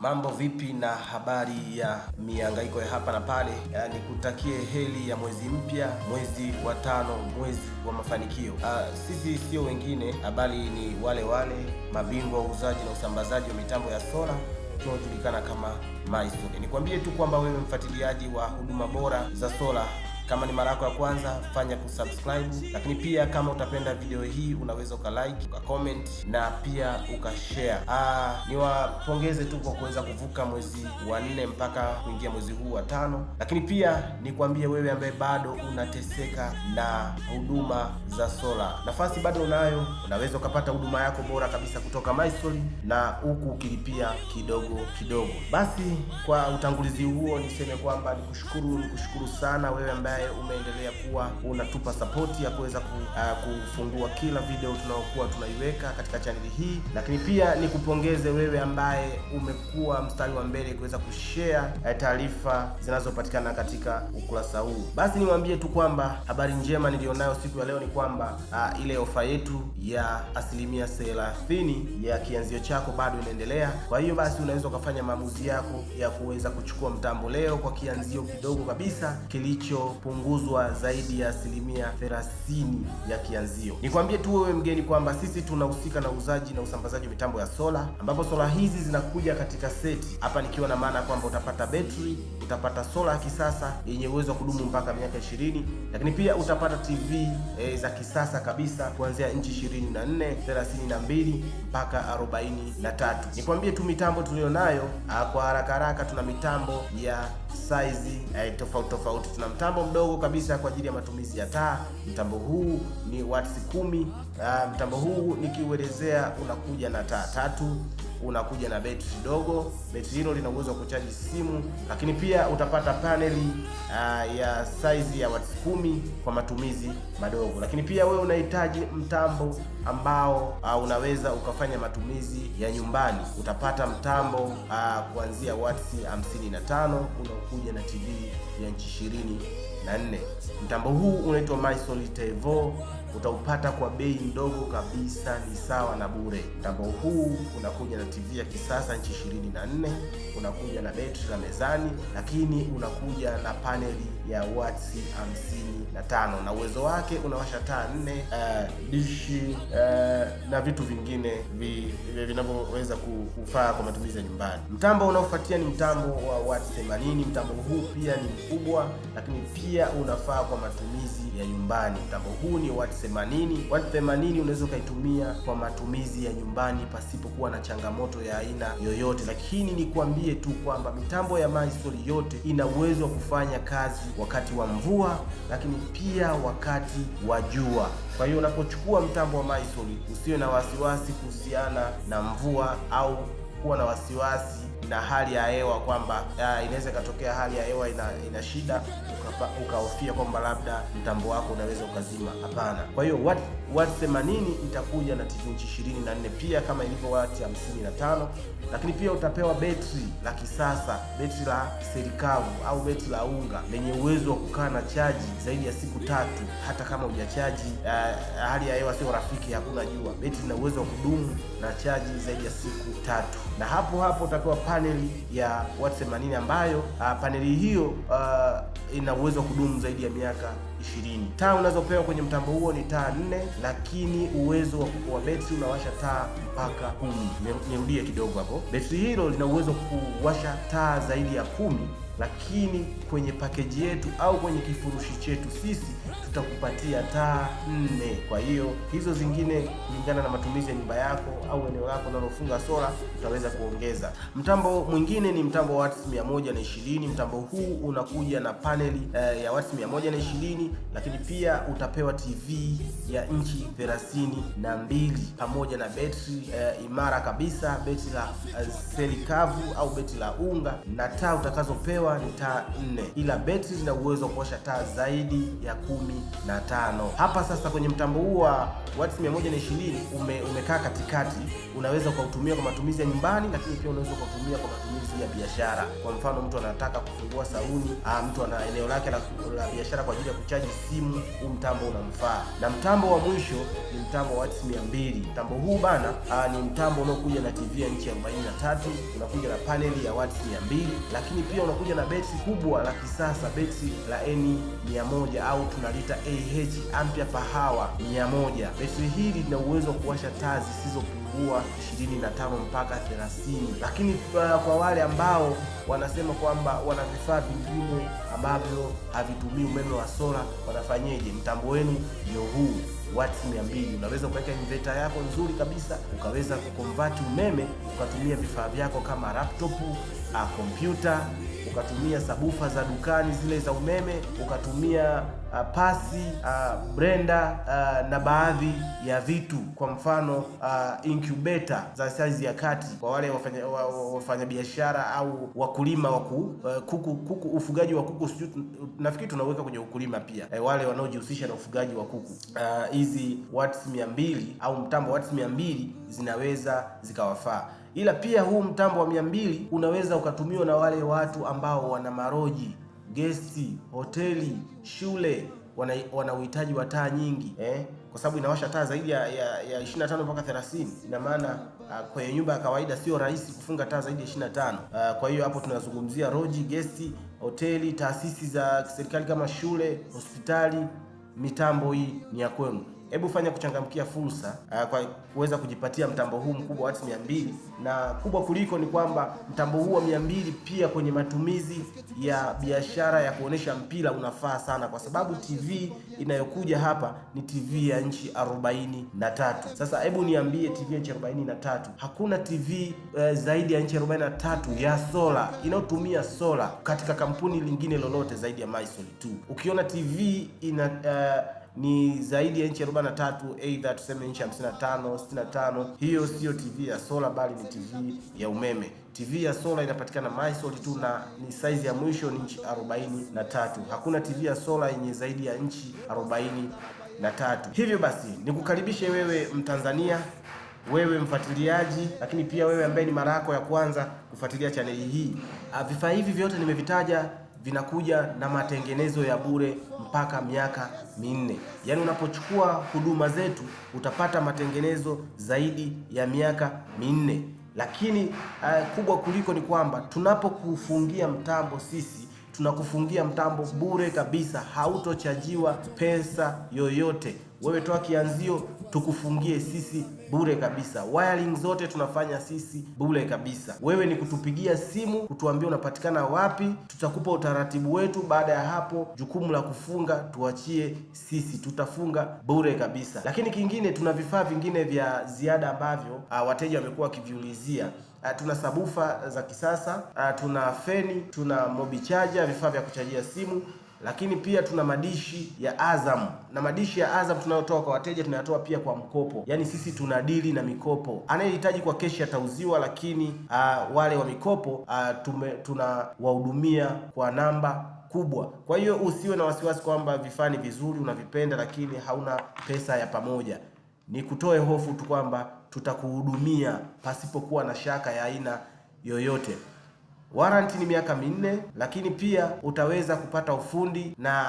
Mambo vipi na habari ya miangaiko ya hapa na pale? Eh, nikutakie heli ya mwezi mpya, mwezi wa tano, mwezi wa mafanikio. Uh, sisi sio wengine, habari ni wale wale, mabingwa wa uuzaji na usambazaji wa mitambo ya sola tunaojulikana kama Maisol. Nikwambie tu kwamba wewe mfuatiliaji wa huduma bora za sola kama ni mara yako ya kwanza, fanya kusubscribe, lakini pia kama utapenda video hii unaweza ukalike, ukacomment na pia ukashare. Ah, niwapongeze tu kwa kuweza kuvuka mwezi wa nne mpaka kuingia mwezi huu wa tano, lakini pia nikwambie wewe ambaye bado unateseka na huduma za sola, nafasi bado unayo, unaweza ukapata huduma yako bora kabisa kutoka Mysol na huku ukilipia kidogo kidogo. Basi kwa utangulizi huo niseme kwamba nikushukuru, nikushukuru sana wewe ambaye ambaye umeendelea kuwa unatupa sapoti ya kuweza uh, kufungua kila video tunayokuwa tunaiweka katika chaneli hii, lakini pia nikupongeze wewe ambaye umekuwa mstari wa mbele kuweza kushare uh, taarifa zinazopatikana katika ukurasa huu. Basi niwaambie tu kwamba habari njema nilionayo siku ya leo ni kwamba uh, ile ofa yetu ya asilimia thelathini ya kianzio chako bado inaendelea. Kwa hiyo basi unaweza ukafanya maamuzi yako ya kuweza kuchukua mtambo leo kwa kianzio kidogo kabisa kilicho kupunguzwa zaidi ya asilimia 30 ya kianzio. Nikwambie tu wewe mgeni kwamba sisi tunahusika na uuzaji na usambazaji wa mitambo ya sola, ambapo sola hizi zinakuja katika seti hapa, nikiwa na maana kwamba utapata betri, utapata sola ya kisasa yenye uwezo wa kudumu mpaka miaka 20, lakini pia utapata TV e, za kisasa kabisa kuanzia inchi 24, 32 mpaka 43. Nikwambie tu mitambo tuliyonayo ah, kwa haraka haraka, tuna mitambo ya size eh, tofauti tofauti. Tuna mtambo mdogo kabisa kwa ajili ya matumizi ya taa. Mtambo huu ni watts kumi. Uh, mtambo huu nikiuelezea unakuja na taa tatu unakuja na betri dogo. Betri hilo lina uwezo wa kuchaji simu, lakini pia utapata paneli uh, ya saizi ya wati kumi kwa matumizi madogo. Lakini pia wewe unahitaji mtambo ambao uh, unaweza ukafanya matumizi ya nyumbani. Utapata mtambo uh, kuanzia wati 55 unaokuja na TV ya inchi ishirini na nne. Mtambo huu unaitwa MySolitevo utaupata kwa bei ndogo kabisa, ni sawa na bure. Mtambo huu unakuja na TV ya kisasa inchi 24, unakuja na betri la mezani, lakini unakuja na paneli ya watts 55 na uwezo wake unawasha taa nne, uh, dishi uh, na vitu vingine vinavyoweza vi, kufaa kwa matumizi ya nyumbani. Mtambo unaofuatia ni mtambo wa watts 80. Mtambo huu pia ni mkubwa, lakini pia unafaa kwa matumizi ya nyumbani. Mtambo huu ni watts 80 Wati 80 unaweza ukaitumia kwa matumizi ya nyumbani pasipokuwa na changamoto ya aina yoyote, lakini nikuambie tu kwamba mitambo ya MySol yote ina uwezo wa kufanya kazi wakati wa mvua, lakini pia wakati wa jua. Kwa hiyo unapochukua mtambo wa MySol usiwe na wasiwasi kuhusiana na mvua au kuwa na wasiwasi na hali ya hewa kwamba inaweza ikatokea hali ya hewa ina, ina shida ukahofia kwamba labda mtambo wako unaweza ukazima. Hapana. Kwa hiyo wati wati 80 itakuja na inchi 24 pia kama ilivyo wati 55, lakini pia utapewa betri la kisasa, betri la serikavu au betri la unga lenye uwezo wa kukaa na chaji zaidi ya siku tatu, hata kama hujachaji. Uh, hali ya hewa sio rafiki, hakuna jua, betri ina uwezo wa kudumu na chaji zaidi ya siku tatu na hapo hapo utapewa paneli ya watu 80 ambayo ah, paneli hiyo uh, ina uwezo wa kudumu zaidi ya miaka 20. Taa unazopewa kwenye mtambo huo ni taa nne, lakini uwezo wa betri unawasha taa mpaka kumi. Nirudie kidogo hapo, betri hilo lina uwezo wa kuwasha taa zaidi ya kumi lakini kwenye pakeji yetu au kwenye kifurushi chetu sisi tutakupatia taa nne. Kwa hiyo hizo zingine, kulingana na matumizi ya nyumba yako au eneo lako unalofunga sola, utaweza kuongeza. Mtambo mwingine ni mtambo wa watts 120. Mtambo huu unakuja na paneli uh, eh, ya watts 120, lakini pia utapewa TV ya inchi 32 pamoja na betri uh, imara kabisa, betri la uh, seli kavu au betri la unga na taa utakazopewa ikiwa ni taa nne ila betri zina uwezo wa kuwasha taa zaidi ya kumi na tano. Hapa sasa kwenye mtambo huu wa watts mia moja 120 ume, umekaa katikati, unaweza ukautumia kwa matumizi ya nyumbani, lakini pia unaweza ukautumia kwa matumizi ya biashara. Kwa mfano mtu anataka kufungua sauni, ah, mtu ana eneo lake la, la biashara kwa ajili ya kuchaji simu, huu mtambo unamfaa. Na mtambo wa mwisho ni mtambo wa watts mia mbili. Mtambo huu bana aa, ah, ni mtambo unaokuja na TV ya inchi 43, unakuja na paneli ya watts mia mbili, lakini pia unakuja na na betri kubwa la kisasa, betri la N100 au tunalita Ah ampia pahawa 100. Betri hili lina uwezo wa kuwasha taa zisizopungua 25 mpaka 30, lakini uh, kwa wale ambao wanasema kwamba wana vifaa vingine ambavyo havitumii umeme wa sola, wanafanyeje? Mtambo wenu ndio huu wati 200 unaweza kuweka inveta yako nzuri kabisa, ukaweza kukomvati umeme ukatumia vifaa vyako kama laptop, kompyuta uh, ukatumia sabufa za dukani zile za umeme, ukatumia uh, pasi uh, brenda uh, na baadhi ya vitu, kwa mfano uh, incubator za saizi ya kati kwa wale wafanyabiashara au wakulima waku, uh, kuku, kuku ufugaji wa kuku sijui nafikiri tunaweka kwenye ukulima pia eh, wale wanaojihusisha na ufugaji wa kuku uh, hizi uh, watts mia mbili au mtambo watts mia mbili zinaweza zikawafaa ila pia huu mtambo wa mia mbili unaweza ukatumiwa na wale watu ambao wana maroji, gesti, hoteli, shule wana, wana uhitaji wa taa nyingi eh? Kwa sababu inawasha taa zaidi ya, ya, ya 25 mpaka 30. Ina maana uh, kwenye nyumba ya kawaida sio rahisi kufunga taa zaidi ya 25. Uh, ah, kwa hiyo hapo tunazungumzia roji, gesti, hoteli, taasisi za serikali kama shule, hospitali. Mitambo hii ni ya kwenu hebu fanya kuchangamkia fursa uh, kwa kuweza kujipatia mtambo huu mkubwa wa watu 200, na kubwa kuliko ni kwamba mtambo huu wa 200 pia kwenye matumizi ya biashara ya kuonesha mpira unafaa sana, kwa sababu TV inayokuja hapa ni TV ya nchi 43. Sasa hebu niambie, TV ya nchi 43, hakuna TV uh, eh, zaidi ya nchi 43 ya sola inayotumia sola katika kampuni lingine lolote zaidi ya Mysol tu. Ukiona TV ina uh, ni zaidi ya inchi 43, aidha tuseme inchi 55, 65. Hiyo siyo TV ya sola, bali ni TV ya umeme. TV ya sola inapatikana MySol tu na ni size ya mwisho ni inchi 43. Hakuna TV ya sola yenye zaidi ya inchi 43. Hivyo basi nikukaribishe wewe Mtanzania, wewe mfuatiliaji, lakini pia wewe ambaye ni mara yako ya kwanza kufuatilia chaneli hii. Ah, vifaa hivi vyote nimevitaja vinakuja na matengenezo ya bure mpaka miaka minne. Yaani unapochukua huduma zetu utapata matengenezo zaidi ya miaka minne. Lakini uh, kubwa kuliko ni kwamba tunapokufungia mtambo sisi tunakufungia mtambo bure kabisa, hautochajiwa pesa yoyote. Wewe toa kianzio tukufungie sisi bure kabisa. Wiring zote tunafanya sisi bure kabisa. Wewe ni kutupigia simu kutuambia unapatikana wapi, tutakupa utaratibu wetu. Baada ya hapo, jukumu la kufunga tuachie sisi, tutafunga bure kabisa. Lakini kingine, tuna vifaa vingine vya ziada ambavyo ah, wateja wamekuwa wakiviulizia. Uh, tuna sabufa za kisasa uh, tuna feni, tuna mobi charger, vifaa vya kuchajia simu lakini pia tuna madishi ya Azam na madishi ya Azam tunayotoa kwa wateja tunayatoa pia kwa mkopo. Yaani sisi tuna dili na mikopo, anayehitaji kwa keshi atauziwa, lakini uh, wale wa mikopo ah, uh, tunawahudumia kwa namba kubwa. Kwa hiyo usiwe na wasiwasi kwamba vifaa ni vizuri, unavipenda, lakini hauna pesa ya pamoja. Ni kutoe hofu tu kwamba tutakuhudumia pasipokuwa na shaka ya aina yoyote. Warranty ni miaka minne, lakini pia utaweza kupata ufundi na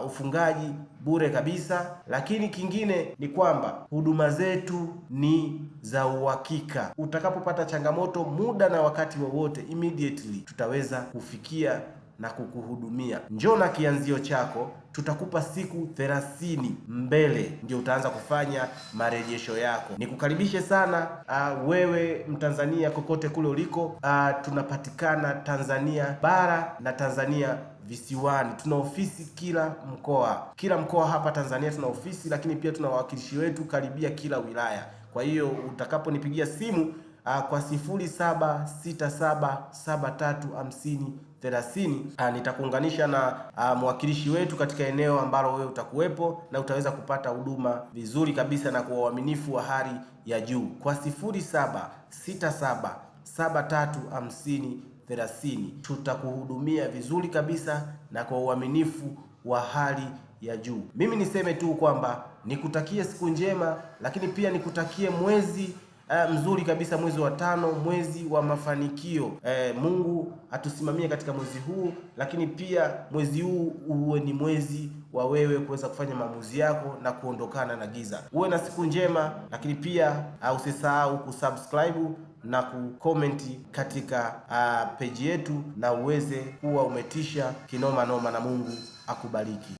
uh, ufungaji bure kabisa. Lakini kingine ni kwamba huduma zetu ni za uhakika. Utakapopata changamoto, muda na wakati wowote, immediately tutaweza kufikia na kukuhudumia. Njoo na kianzio chako, tutakupa siku 30 mbele ndio utaanza kufanya marejesho yako. Nikukaribishe sana uh, wewe Mtanzania kokote kule uliko. Uh, tunapatikana Tanzania bara na Tanzania visiwani. Tuna ofisi kila mkoa, kila mkoa hapa Tanzania tuna ofisi, lakini pia tuna wawakilishi wetu karibia kila wilaya. Kwa hiyo utakaponipigia simu uh, kwa sifuri saba sita saba saba tatu hamsini 30 ah, nitakuunganisha na a, ah, mwakilishi wetu katika eneo ambalo wewe utakuwepo na utaweza kupata huduma vizuri kabisa na kwa uaminifu wa hali ya juu kwa 0767735030 Tutakuhudumia vizuri kabisa na kwa uaminifu wa hali ya juu. Mimi niseme tu kwamba nikutakie siku njema, lakini pia nikutakie mwezi uh, mzuri kabisa, mwezi wa tano, mwezi wa mafanikio. Uh, Mungu atusimamie katika mwezi huu, lakini pia mwezi huu uwe ni mwezi wa wewe kuweza kufanya maamuzi yako na kuondokana na giza. Uwe na siku njema, lakini pia uh, usisahau kusubscribe na kukomenti katika uh, peji yetu na uweze kuwa umetisha kinoma noma, na Mungu akubariki.